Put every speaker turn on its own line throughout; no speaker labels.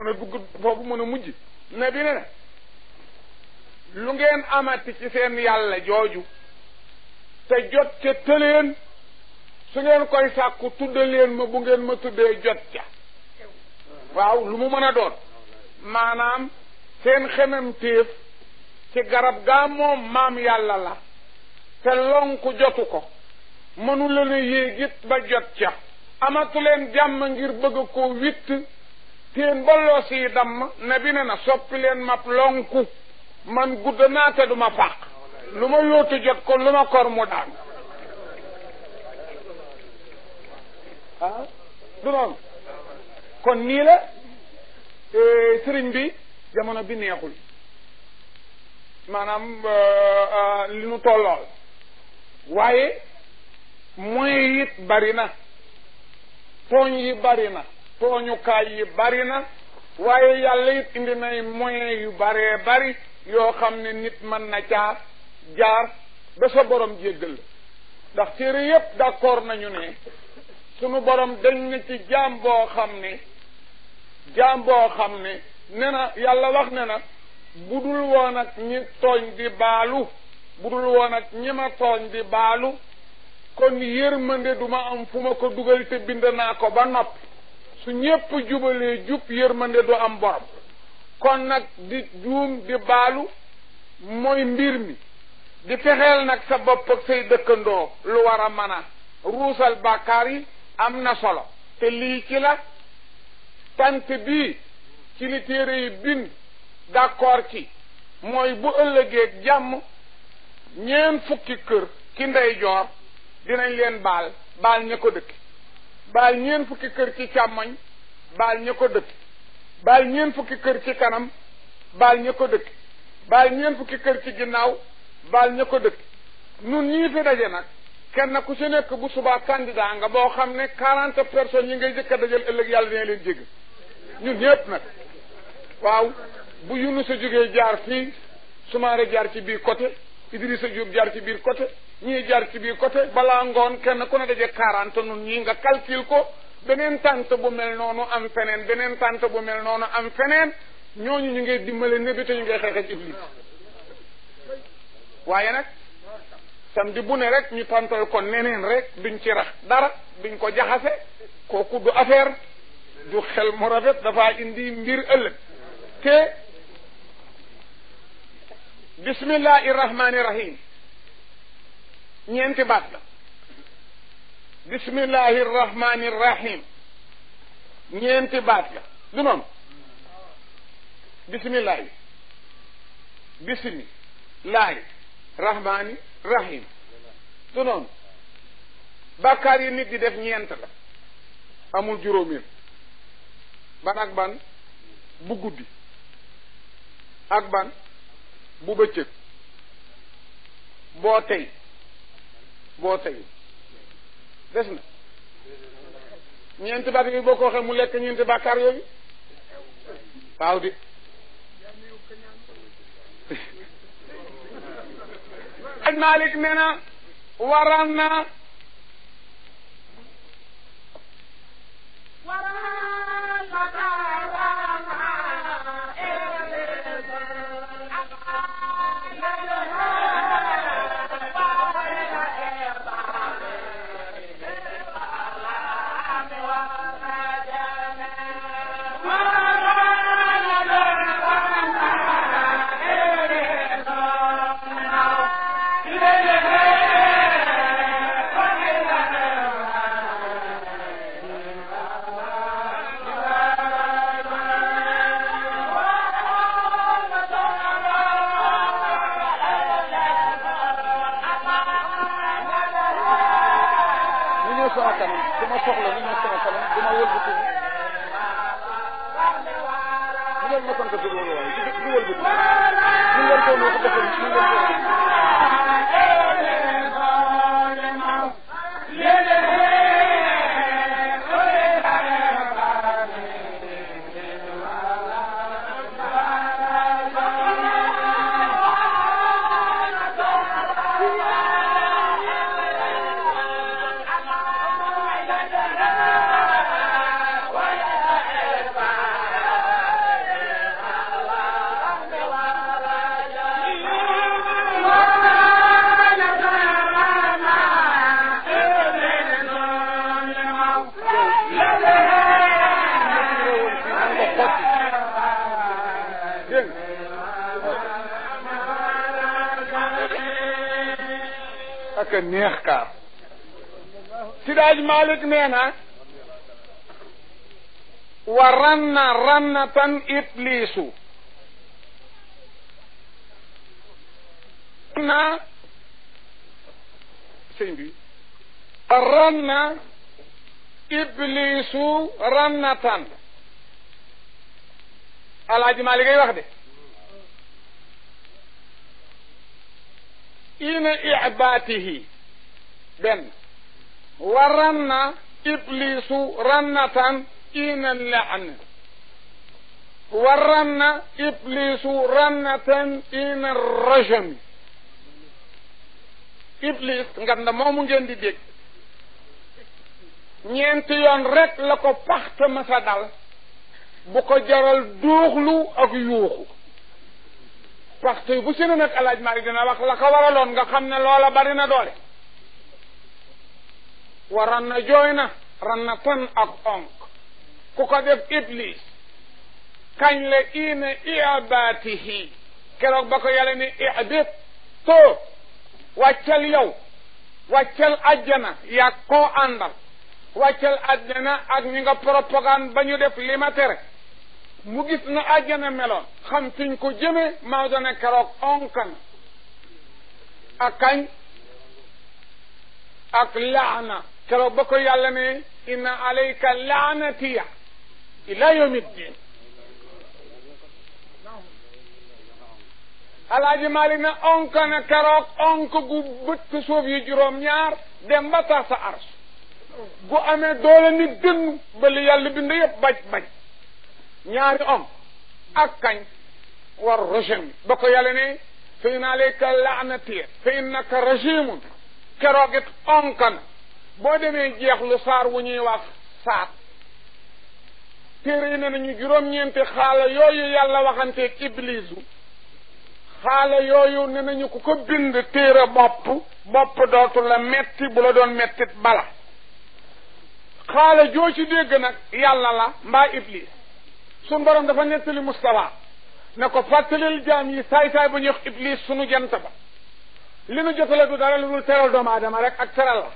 mën a dugg foofu mën a mujj ne bi ne ne lu ngeen amati ci seen yàlla jooju te jot ca tëleen su ngeen koy sàkku tudd leen ma bu ngeen ma tuddee jot ca waaw lu mu mën a doon maanaam seen xemem téef ci garab gaa moom maam yàlla la te lonku jotu ko mënula leen a ba jot ca amatu leen jàmm ngir bëgg koo witt seen bolloos yi damm na bi ne na soppi leen mab lonku man gudd naa te du ma fàq lu ma yóotu jot ko lu ma kor mu daan ah du noonu kon nii la eh, sëriñ bi jamono bi neexul maanaam eh, eh, li nu tollool waaye moyens yi bari na tooñ yi bari na tooñukaay yi bari na waaye yàlla it indi nay moyen yu baree bari yoo xam ne nit mën na caa jaar ba sa borom jéggal la ndax téere yépp d'accord nañu ne sunu borom dañ na ci jaam boo xam ne jaam boo xam ne ne na yàlla wax ne na budul woon ak ñi tooñ di baalu budul woon ak ñi ma tooñ di baalu kon yërmande du ma am fu ma ko dugal te bind naa ko ba noppi su ñépp jubalee jub yërmande du am borom kon nag di juum di baalu mooy mbir mi di fexeel nag sa bopp ak say dëkkandoo lu war a mën a ruusal bàkkaar yi am na solo te lii ci la tant bii ci li téere yi bind d'accord ci mooy bu ëllëgeeg jàmm ñeen fukki kër ki ndeyjoor dinañ leen baal baal ña ko dëkk baal ñeen fukki kër ci càmmoñ baal ña ko dëkk baal ñeen fukki kër ci kanam baal ña ko dëkk baal ñeen fukki kër ci ginnaaw baal ña ko dëkk nun ñii fi daje nag kenn ku si nekk bu subaa candidat nga boo xam ne quarante personnes yi ngay jëkk a dajal ëllëg yàlla dina leen jégg ñun ñëpp nag waaw bu Yunus a jógee jaar ci Soumaré jaar ci biir côté Idrissa Diop jaar ci biir côté ñii jar ci bii côté balaa ngoon kenn ku ne daje quarante nun ñii nga calcule ko beneen tante bu mel noonu am feneen beneen tante bu mel noonu am feneen ñooñu ñu ngay dimbale nebi te ñu ngay xeex ak iblis waaye nag samedi bu ne rek ñu tantal ko neneen rek duñ ci rax dara duñ ko jaxase kooku du affaire du xel mu rafet dafa indi mbir ëllëg te bismillahi rahmani rahim ñeenti baat la bismillahi rahmani ñeenti baat la du noonu bismillahi bismi laahi rahmani rahim du noonu bàkkaar yi nit di def ñeent la amul juróomeel ban ak ban bu guddi ak ban bu bëccëg boo tey boo sëy des na ñeenti baat yooyu boo ko waxee mu lekk ñeenti bàkkaar yooyu waaw di aj Malik nee na waral na nee na wa ranna rannatan ibliisu na sëñ bi ranna ibliisu rannatan alaaji maa li wax de ina ibaatihi benn ورن إبليس رنة إن اللعن ورن إبليس رنة إن الرجم Iblis nga ne moomu ngeen di dégg ñeenti yoon rek la ko paxte ma sa dal bu ko jaral duuxlu ak yuuxu paxte bu si ne alaaj maa dina wax la ko waraloon nga xam ne loola bari na doole ورنا جوينا رنا تن اك اونك كوكا ديف ابليس كان لا اين اياباته كلو باكو يالني اعبد تو واتشل يو واتشل اجنا يا كو اندال اجنا اك نيغا بروبوغان بانيو ديف لي ماتير مو اجنا ميلون خام كو جيمي موزانا دونا كروك اونكان اكاين اك لعنه ربكم يعلم ايه ان عليك لعنتي الى يوم الدين alaaji Malick ne onk na keroog onk gu bët ci suuf yi juróom-ñaar dem ba tax sa ars gu amee doole ni dënn ba li yàlla bind yëpp baj baj ñaari om ak kañ war régime ba ko yàlla ne fa in alayka laanatiya fa innaka régimun keroog it onk na boo demee jeexlu saar wu ñuy wax saat téere yi ne nañu juróom-ñeenti xaala yooyu yàlla waxanteeg iblisu xaala yooyu ne nañu ku ko bind téere bopp bopp dootu la metti bu la doon mettit bala xaala joo ci dégg nag yàlla la mbaa iblis suñ borom dafa nettali Moustapha ne ko fàttalil jaam yi saay-saay ba ñuy wax iblis sunu jant ba li nu jotale du dara lu dul teral doomu aadama rek ak teral la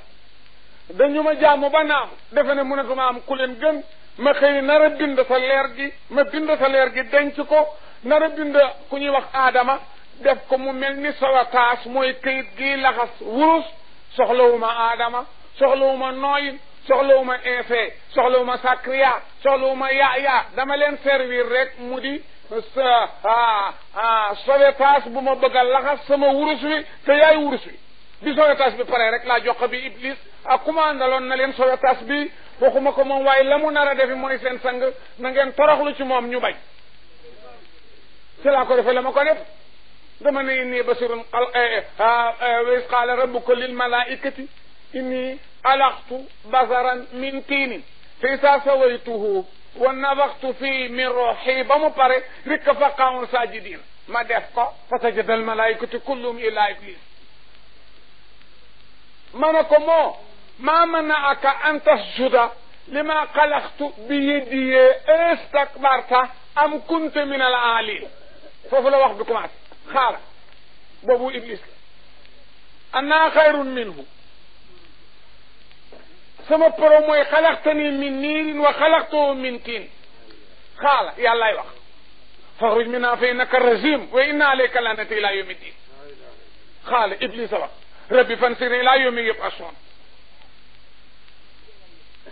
dañu ma jaamu ba naaw defe ne mënatuma am ku leen gën ma xëy nar a bind sa leer gi ma bind sa leer gi denc ko nar bind ku ñuy wax aadama def ko mu mel ni sawataas mooy këyit gi laxas wurus soxlawuma aadama soxlawuma nooyin soxlawuma infe soxlawuma sakriya soxlawuma yaaya dama leen servir rek mu di sa ah, ah, bu ma bëgg laxas sama wurus wi te yaay wurus wi bi Sowétas bi pare rek laa jox bi Iblis ak kumaandaloon na leen Sowétas bi waxuma ko moom waaye la mu nar a defi mooy seen sang na ngeen toroxlu ci moom ñu bañ ci laa ko defe la ma ko def dama ne inni basirun wa is qaala rabbuka lil malaikati inni alaqtu basaran min tiinin fa isa sawaytuhu wa nafaxtu fii min ruuxi ba mu pare rikk fa qaamu saajidiin ma def ko fa sajada al malaikatu kulluhum illa iblis manako mo ما منعك أن تسجد لما خلقت بيدي استكبرت أم كنت من العالين فوف لا واخ بكم خارا بابو إبليس أنا خير منه سما بروموي خلقتني من نير وخلقته من طين خالا يا الله يوخ فاخرج منها فإنك الرجيم وإن عليك لعنتي إلى يوم الدين خالا إبليس وقت ربي فانصرني لا يوم يبقصون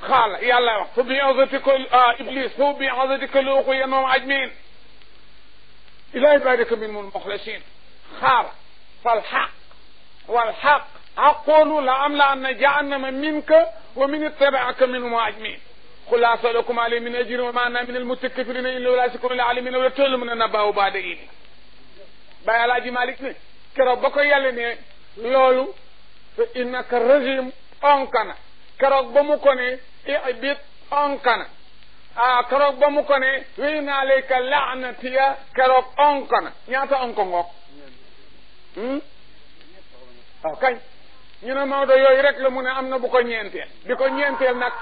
قال يلا كل آه ابليس كل الاخوه انهم عجمين لا يبارك من المخلصين خال فالحق والحق اقول لاملان جهنم منك ومن اتبعك من المعجمين قل اسالكم علي من اجر وما انا من المتكفرين الا ولا سكون العالمين ولا تعلمون نباه بعد ايدي بايا لاجي مالك كربك keroog ba loolu fa innaka régime onkana keroog ba mu ko ne ibit onkana a ah, keroog ba mu ko ne wéy naa layka laanatiya keroog onkana ñaata onko ngoog hmm? waaw kañ ñu ne Maodo yooyu rek la mu ne am na bu ko ñeenteel bi ko ñeenteel nag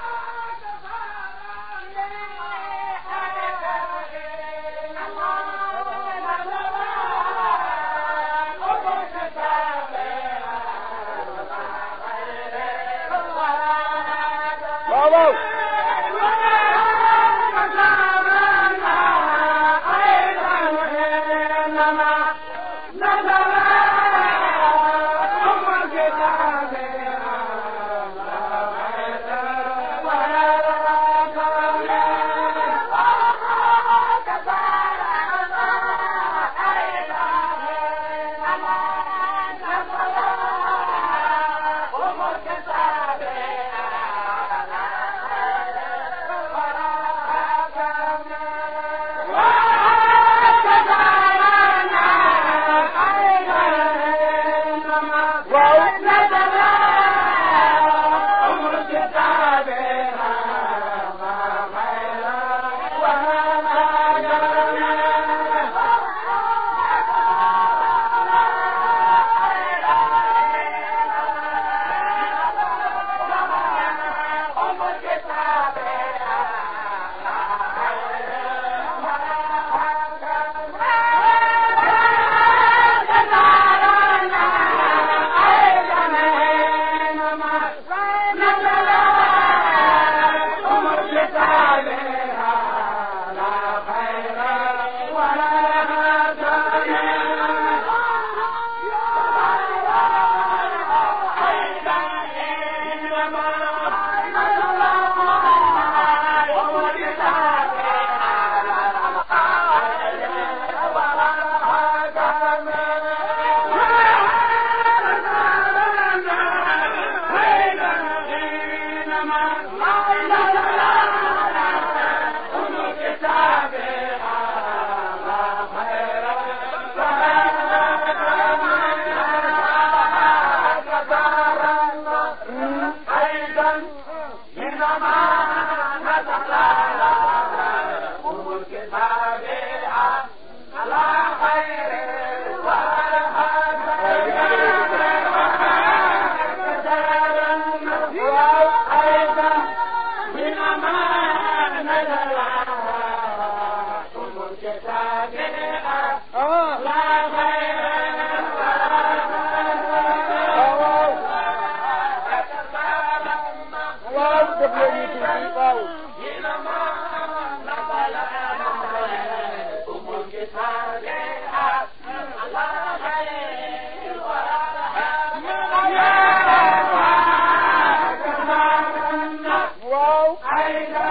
la la la la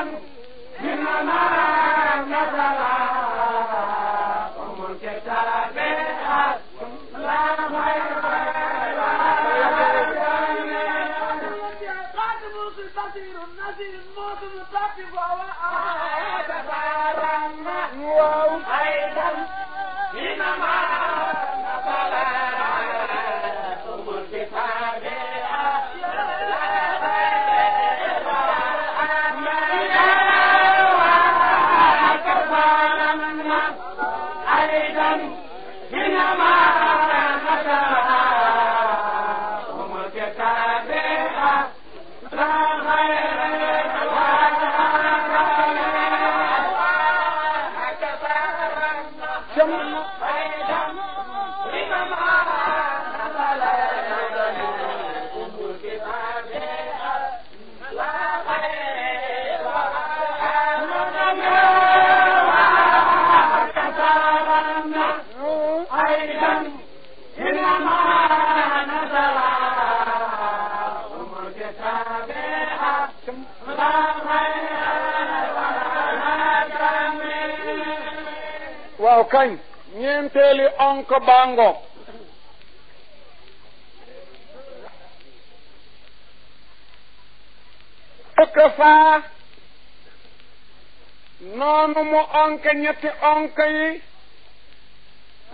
One.
koor baa noonu mu onke ñetti onke yi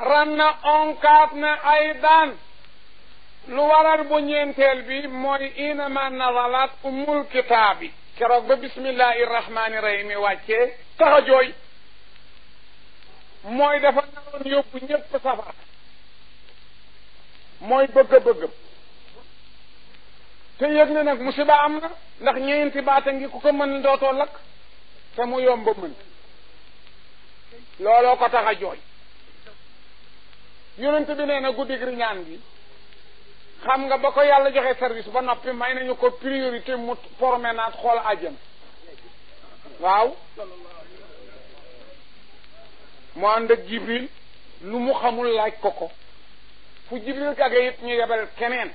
ran na onkaat na ay daan lu waral bu ñeenteel bi mooy inama nazalat umul kitaabi keroog ba bismillahi rahmaani rahim wàccee tax mooy dafa naroon yóbbu ñëpp safara mooy bëgg-bëgg te yëg na nag musiba am na ndax ñeenti baata ngi ku ko mën dootoo lakk te mu yomba mën looloo ko tax a jooy yonent bi nee guddi gi ñaan gi xam nga ba ko yàlla joxe service ba noppi may nañu ko priorité mu promenade xool ajam waaw mu ànd ak lu mu xamul laaj ko ko fu jibril kage it ñu yebal keneen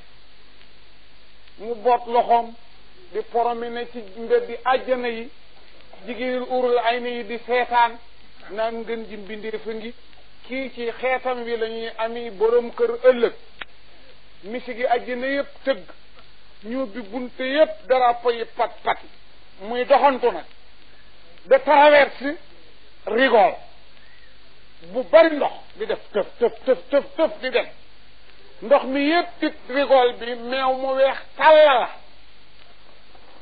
mu boot loxoom di promené ci mbeddi àjjana yi jigéen urul ayni yi di seetaan naan ngeen ji mbindeef a ngi kii ci xeetam wi la ami borom kër ëllëg misi gi àjjana yëpp tëgg ñu bi bunte yëpp darapo yi pat pat muy doxantu nag de traverse rigole bu bari ndox di def tëf tëf tëf tëf tëf di dem ndox mi yépp it rigole bi meew mu weex tàll la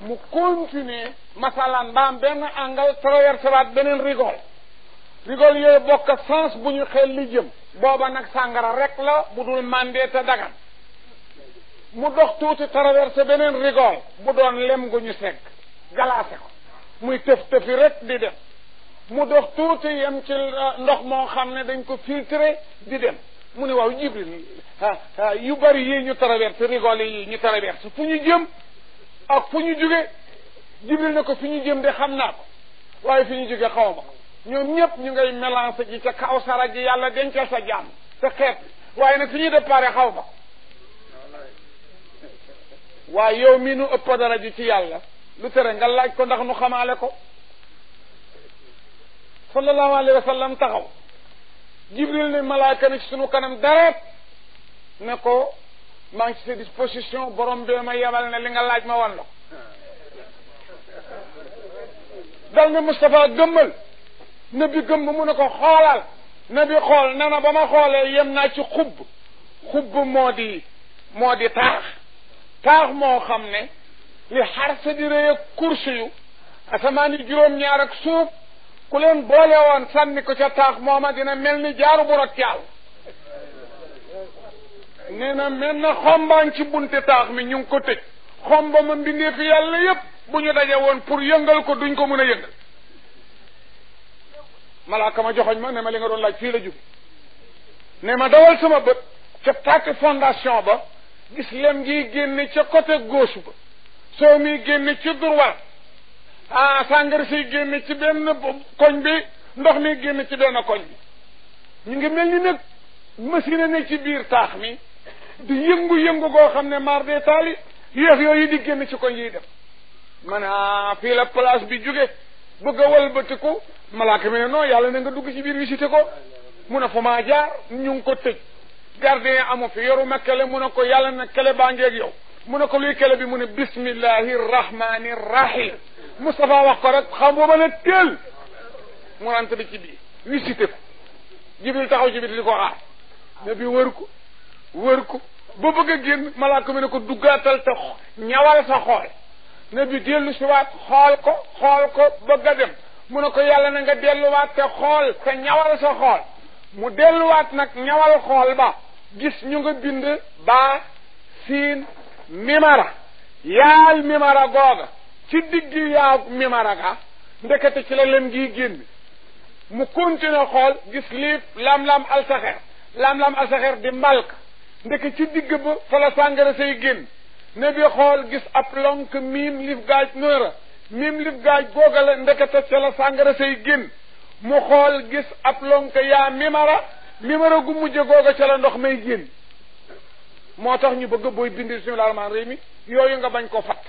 mu continuer masalan ba am benn angle traversé waat beneen rigole rigole yooyu bokk sens bu ñu xel li jëm booba nag sàngara rek la bu dul mandee te dagan mu dox tuuti traversé beneen rigole bu doon lem gu ñu segg galaase ko muy tëf tëfi rek di dem mu dox tuuti yem ci uh, ndox moo xam ne dañ ko filtré di dem mu ne waaw jibril yu bari yii ñu traversé rigole yi ñu traversé fu ñu jëm ak fu ñu jóge jibril ne ko fi ñu jëm de xam naa ko waaye fi ñu jóge xaw ma ñoom ñëpp ñu ngay mélangé ji ca kaw sara ji yàlla dencal sa jaam sa xeet waaye nag fi ñuy déparé xaw ma ko waaye yow mii nu ëpp dara ji ci yàlla lu tere nga laaj ko ndax nu xamaale ko sallallahu alayhi wa sallam taxaw jibril ne malaaka ne ci suñu kanam deret ne ko maa ngi ci sa position borom bee ma yebal ne li nga laaj ma wan la dal ne Moustapha gëmmal nabi gëmm mu ne ko xoolal nabi xool ne ba ma xoolee yem naa ci xubb xubb moo di moo di taax taax moo xam ne li xar sa di rëy ak kursu yu asamaan yi juróom-ñaar ak suuf ku leen boole woon sànni ko ca taax mooma dina mel ni jaaru bu rot yàlla nee na mel na xombaan ci bunte taax mi ñu ngi ko tëj xomba ma mbindee fi yàlla yépp bu ñu daje woon pour yëngal ko duñ ko mën a yëngal malaaka ma joxoñ ma ne ma li nga doon laaj fii la jub ne ma dawal sama bët ca tàkk fondation ba gis lem ngi génne ca côté gauche ba soo mi génne ca droite ah sàngar si génn ci benn koñ bi ndox mi génn ci benn koñ bi ñu ngi mel ni nag machine ne ci biir taax mi di yëngu-yëngu goo xam ne maar de taali yéef yooyu di génn ci koñ yi def man a ah, fii la place bi jóge bëgg a walbatiku malaaka mi ne non yàlla na nga dugg ci biir visité ko mun a fa maa jaar ñu ngi ko tëj gardien amu fi yoru ma kele mun a ko yàlla na kele baa ngeeg yow منقول كلا بمن بسم الله الرحمن الرحيم مصطفى وقرك خمو بن التل من انت دي بي جبل تاخو جبل ليكو نبي وركو وركو با بغا ملاك منكو دوغاتال تا نيوال سا نبي ديل سي وات خول كو خول كو بغا ديم منكو يالا نغا ديلو وات تا خول تا نك نيوال خول با جيس نيغا بيند با سين mimara yaal mimara googa ci diggi yaa mimara ga ndekete ci la lem gii génn mu continué xool gis lii lam-lam alsaxer lam-lam alsaxer di mbalk ndeke ci digg ba fa la sàngara say génn ne bi xool gis ab lonk miim lif gaaj nëra miim lif gaaj googa la ndekete ca la sàngara say génn mu xool gis ab lonk yaa mimara mimara gu mujj googa ca la ndox may génn moo tax ñu bëgg booy bind bismillah rahmaan mi yooyu nga bañ ko fatt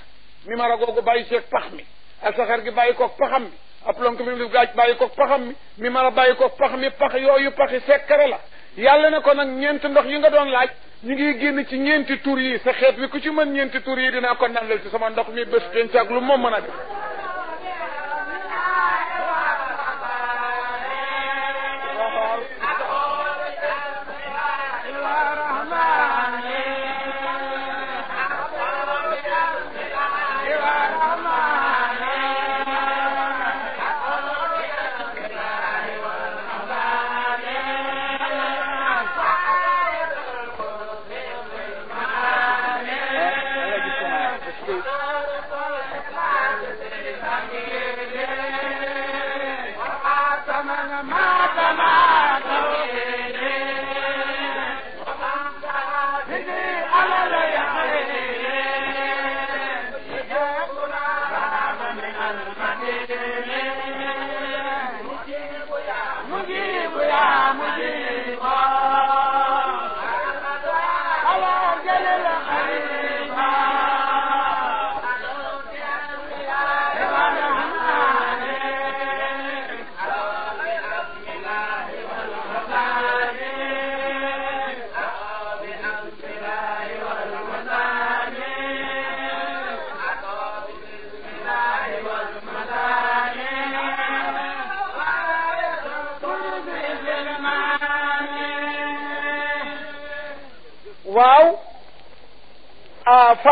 mi mara googu bàyyi ceeg pax mi ak saxar gi bàyyi koog paxam mi ab lonk mi lif gaaj bàyyi koog paxam mi mi mara bàyyi koog pax mi pax yooyu paxi sekkare la yàlla ne ko nag ñeenti ndox yi nga doon laaj ñu ngi génn ci ñeenti tur yi sa xeet bi ku ci mën ñeenti tur yi dinaa ko nandal si sama ndox mi bés penc ak lu moom mën a def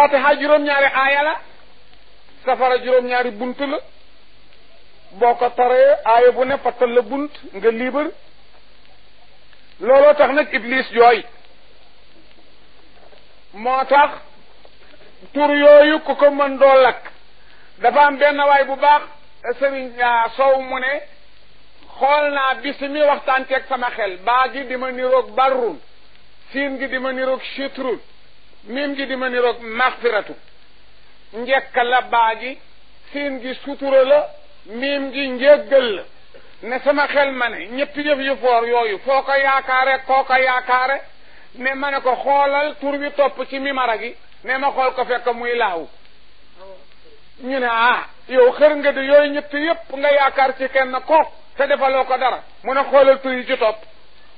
fatiha juróom-ñaari aaya la safara juróom-ñaari bunt la boo ko taree aaya bu ne pattal la bunt nga libre looloo tax nag iblis jooy moo tax tur yooyu ku ko mën doo lakk dafa am benn waay bu baax sëriñ ah, sow mu ne xool naa bis mi waxtaan ceeg sama xel baa gi di ma niroog barrun siin gi di ma niroog chitrun miim gi di ma niroog maxfiratu njëkk la baa gi siin gi sutura la miim gi njëggal la ne sama xel ma ne ñetti jëf yu foor yooyu foo ko yaakaare koo ko yaakaare ne ma ne ko xoolal tur wi topp ci mimara gi ne ma xool ko fekk muy laaw ñu ne ah yow xër nga di yooyu ñetti yépp nga yaakaar ci kenn ko te defaloo ko dara mu ne xoolal tur yi ci topp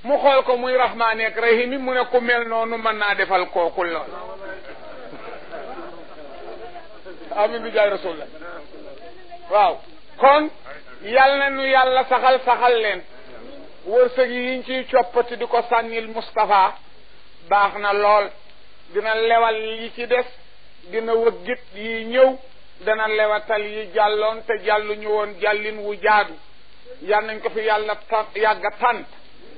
mu xool ko muy rahmaani ak rahimi mu ne ku mel noonu mën naa defal kooku lool
amin bi jaay rasulullah
waaw kon yal na nu yàlla saxal saxal leen wërsëg yi yiñ ciy coppati di ko sànnil mustafa baax na lool dina lewal yi ci des dina wëggit yi ñëw dana lewatal yi jàlloon te jàlluñu woon jàllin wu jaadu yal nañ ko fi yàlla tan yàgga tànt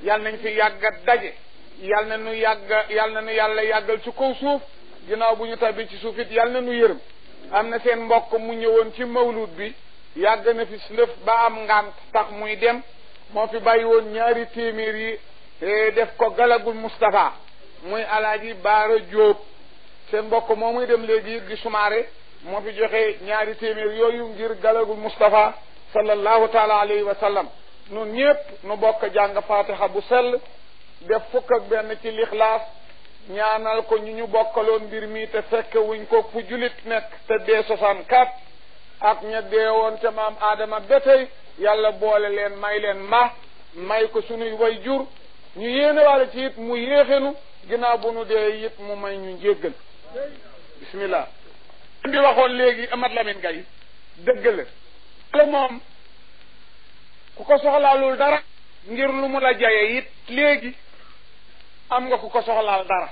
yal nañu fi yàgga daje yal na nu yàgg yal na nu yàlla yàggal si kaw suuf ginnaaw bu ñu tabbi ci suuf it yal na nu yërëm am na seen mbokk mu ñëwoon ci mawlud bi yàgg na fi si lëf ba am ngant tax muy dem moo fi bàyyi woon ñaari téeméer yi def ko galagul Moustapha muy alaaji Baara Jóob seen mbokk moo muy dem léegi di sumaare moo fi joxe ñaari téeméer yooyu ngir galagul Moustapha sallallahu taala alayhi wa nun ñépp nu bokk jàng fatiha bu sell def fukk ak benn ci lixlaas ñaanal ko ñu ñu bokkaloon mbir mi te fekk wuñ ko fu julit nekk te dee soixante quatre ak ña deewoon te maam aadama betey yàlla boole leen may leen ma may ko sunuy way jur ñu yéene waale ci it mu yéexenu ginnaaw bu nu dee it mu may ñu njéggal bismillah bi waxoon léegi Amat Lamine Gaye dëgg la moom ku ko soxlaalul dara ngir lu mu la jaye it léegi am nga ku ko soxlaal dara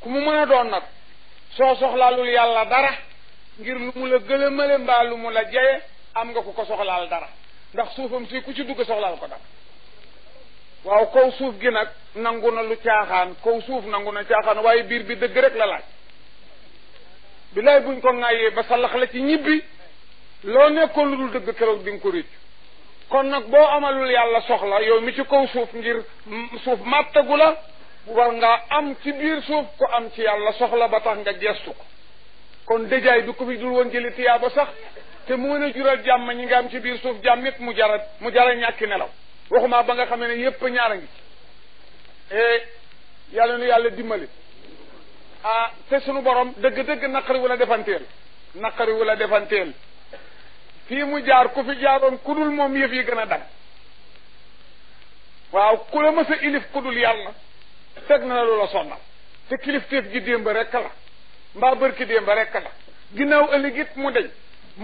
ku mu mën a doon nag soo soxlaalul yàlla dara ngir lu mu la gëlëmale mbaa lu mu la jaye am nga ku ko soxlaal dara ndax suufam si ku ci dugg soxlaal ko dara waaw kaw suuf gi nag nangu na lu caaxaan kaw suuf nangu na caaxaan waaye biir bi dëgg rek la laaj bilaay buñ ko ŋàyyee ba salax la ci ñibbi loo nekkoon lu dul dëgg keroog di kon nag boo amalul yàlla soxla yow mi ci kaw suuf ngir suuf màttagu la war ngaa am ci biir suuf ku am ci yàlla soxla ba tax nga gestu ko kon dëjaay bi ku fi dul woon jëli tiyaa ba sax te mu mën a jural jàmm ñi nga am ci biir suuf jàmm it mu jara mu jara ñàkki nelaw waxumaa ba nga xamee ne yépp ñaara ngi e, yàlla nu yàlla dimbali ah te sunu borom dëgg-dëgg naqari wu la defanteel naqari wu la defanteel fii mu jaar ku fi jaaroon ku moom yëf yi gën a dag waaw ku la mës a ilif ku dul yàlla teg na lu la sonnal te kilifteef gi démb rekk la mbaa bërki démb rekk la ginnaaw ëllëg mu deñ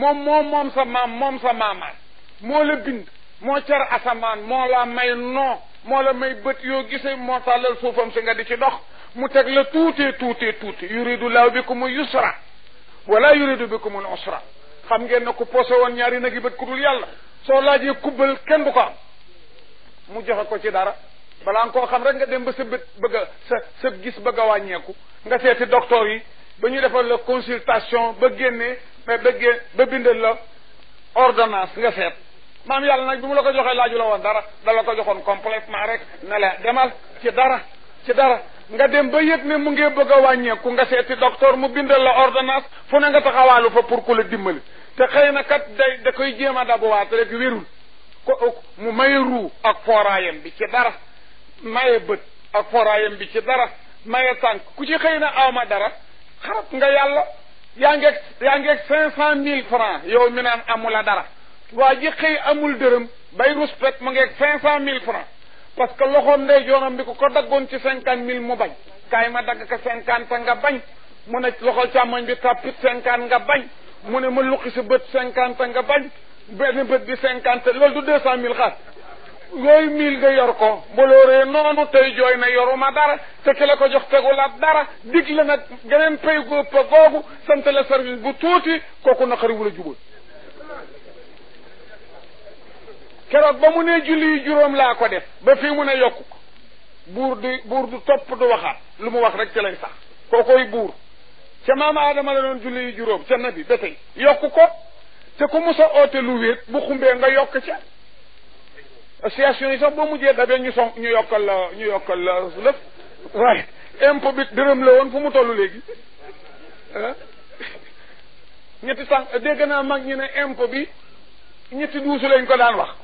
moom moom moom sa maam moom sa maamaan moo la bind moo car asamaan moo la may noo moo la may bët yoo gisee moo tàllal suufam si nga di ci dox mu teg la tuutee tuutee tuuti yuridu laaw bikumul yusra wala yuridu bikumul usra xam ngeen na ku posé woon ñaari nag yi bët ku yàlla soo laajee kubbal kenn du ko am mu joxe ko ci dara balaa nga koo xam rek nga dem ba sa bët bëgg a sa sa gis bëgg a wàññeeku nga seeti docteur yi ba ñu defal la consultation ba génne mais ba génn ba bindal la ordonnance nga seet maam yàlla nag bi mu la ko joxee laaju la woon dara dala ko joxoon completement rek ne la demal ci dara ci dara nga dem ba yëg ne mu ngee bëgg wàññeeku nga seeti docteur mu bindal la ordonnance fu ne nga taxawaalu fa pour ku la dimbali te xëy na kat day da koy jéem a dabuwaat rek wérul mu maye ruu ak fooraayam bi ci dara maye bët ak fooraayam bi ci dara maye tànk ku ci xëy na awma dara xarab nga yàlla yaa ngeeg yaa ngeeg cinq cent mille francs yow mi naan amula dara waa ji xëy amul dërëm bay respect ma ngeeg cinq cent mille francs parce que loxoom ndey jooram bi ko ko daggoon ci cinquante mille mu bañ kaay ma dagg ko cinquante nga bañ mu ne loxo càmmoñ bi tàppit cinquante nga bañ mu ne ma luqi si bët cinquante nga bañ benn bët bi cinquante loolu du deux cent mille xaar yooyu mil nga yor ko mboolooree noonu tey jooy na yoruma dara te ki la ko jox tegulaat dara dig la nag geneen pay góob googu sant service bu tuuti kooku naqari wu la jubal keroog ba mu ne julli yu juróom laa ko def ba fii mu ne yokku buur du buur du topp du waxaat lu mu wax rek ci lay sax kookoy buur ca maam aadama la doon julli yu juróom ca bi ba tey yokku ko te ku musa oote lu wéet bu xumbee nga yokk ca association yi sax boo mujjee dabee ñu son ñu yokkal la ñu yokkal la lëf waaye impôt bi dërëm la woon fu mu tollu léegi ah. ñetti sànq dégg naa mag ñu ne impôt bi ñetti duusu lañ ko daan wax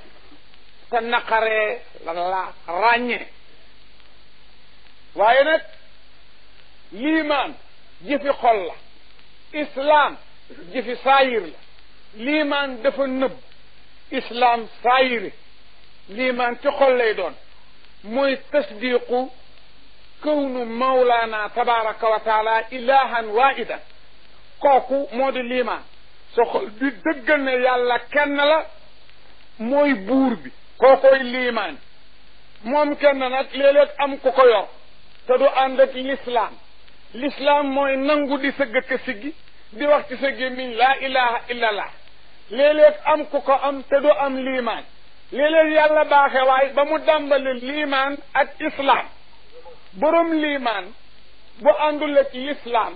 te naqaree la ràññee waaye nag liimaan jëfi xol la islaam jëfi saayir la liimaan dafa nëbb islaam saayiri liimaan ci xol lay doon mooy tasdiqu kawnu mawlaana tabaraka wa taala ilahan waahidan kooku moo di liimaan sa xol bi dëggal ne yàlla kenn la mooy buur bi kookooy liimaan moom kenn nag léeg am ku ko yor te du ànd ak lislaam lislaam mooy nangu di sëgg ak siggi di wax ci sa gémmiñ laa ilaha illallah léeg am ku ko am te du am liimaan léeg yàlla baaxe ba mu dàmbale liimaan ak islaam borom liimaan bu àndul ak lislaam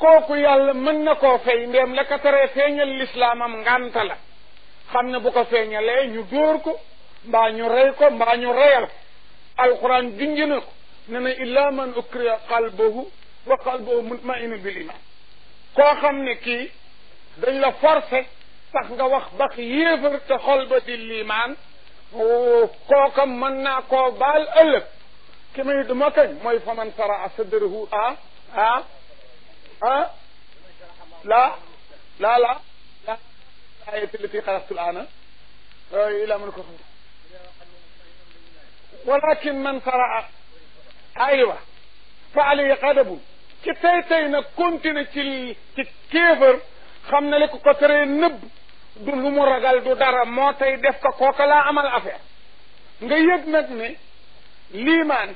kooku yàlla mën na ko fay ndeem la teree feeñal lislaamam ngànta la xam ne bu ko feeñalee ñu dóor ko mbaa ñu rey ko mbaa ñu reyal ko alquran junj na ko ne na illa man ukriya qalbahu wa qalbuhu mutmainu bil iman koo xam ne kii dañ la forcé sax nga wax bax yéefar te xol ba di liimaan kooka mën naa ko baal ëllëg ki may duma kañ mooy faman saraa sadrahu a ah, a ah, a ah, la la la ayati lati xalaqtul aana ilaa man ko xam walakin man faraa aywa fa alayhi qadabun ci tey tey nag continué ci ci kéefër xam ne li ko ko teree nëbb du lu mu ragal du dara moo tey def ko kooka laa amal affaire nga yëg nag ne liimaan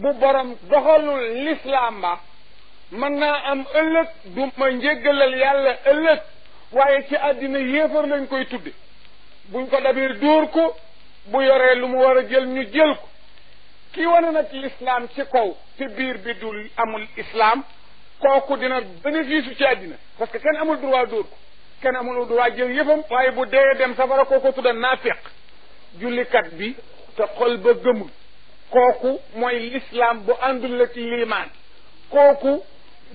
bu borom doxalul lislaam ba mën naa am ëllëg du ma njéggalal yàlla ëllëg waaye ci àddina yéefar lañ koy tudde buñ ko dabir dóor ko bu yoree lu mu war a jël ñu jël ko ki wane nag lislaam ci kaw te biir bi dul amul islaam kooku dina bénéfice ci àddina parce que kenn amul droit dóor ko kenn amul droit jël yëfam waaye bu dee dem safara kooku tudda naafeq jullikat bi te xol ba gëmul kooku mooy lislaam bu àndul la ci liimaan kooku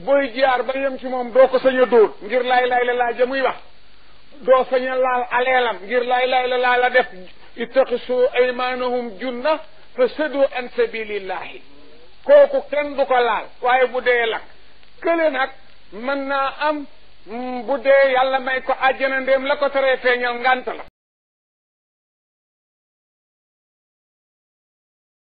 booy jiyaar ba yem ci moom doo ko sañ a ngir laay laay laa ja muy wax doo sañ laal aleelam ngir laay laay la laa la def ittaxisu aymanahum junna fa sadu an sabilillahi kooku kenn ko laal waaye bu dee lakk kële nag mën naa am mm, bu dee yàlla may ko àjjana ndéem la ko teree feeñal ngant